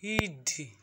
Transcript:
hid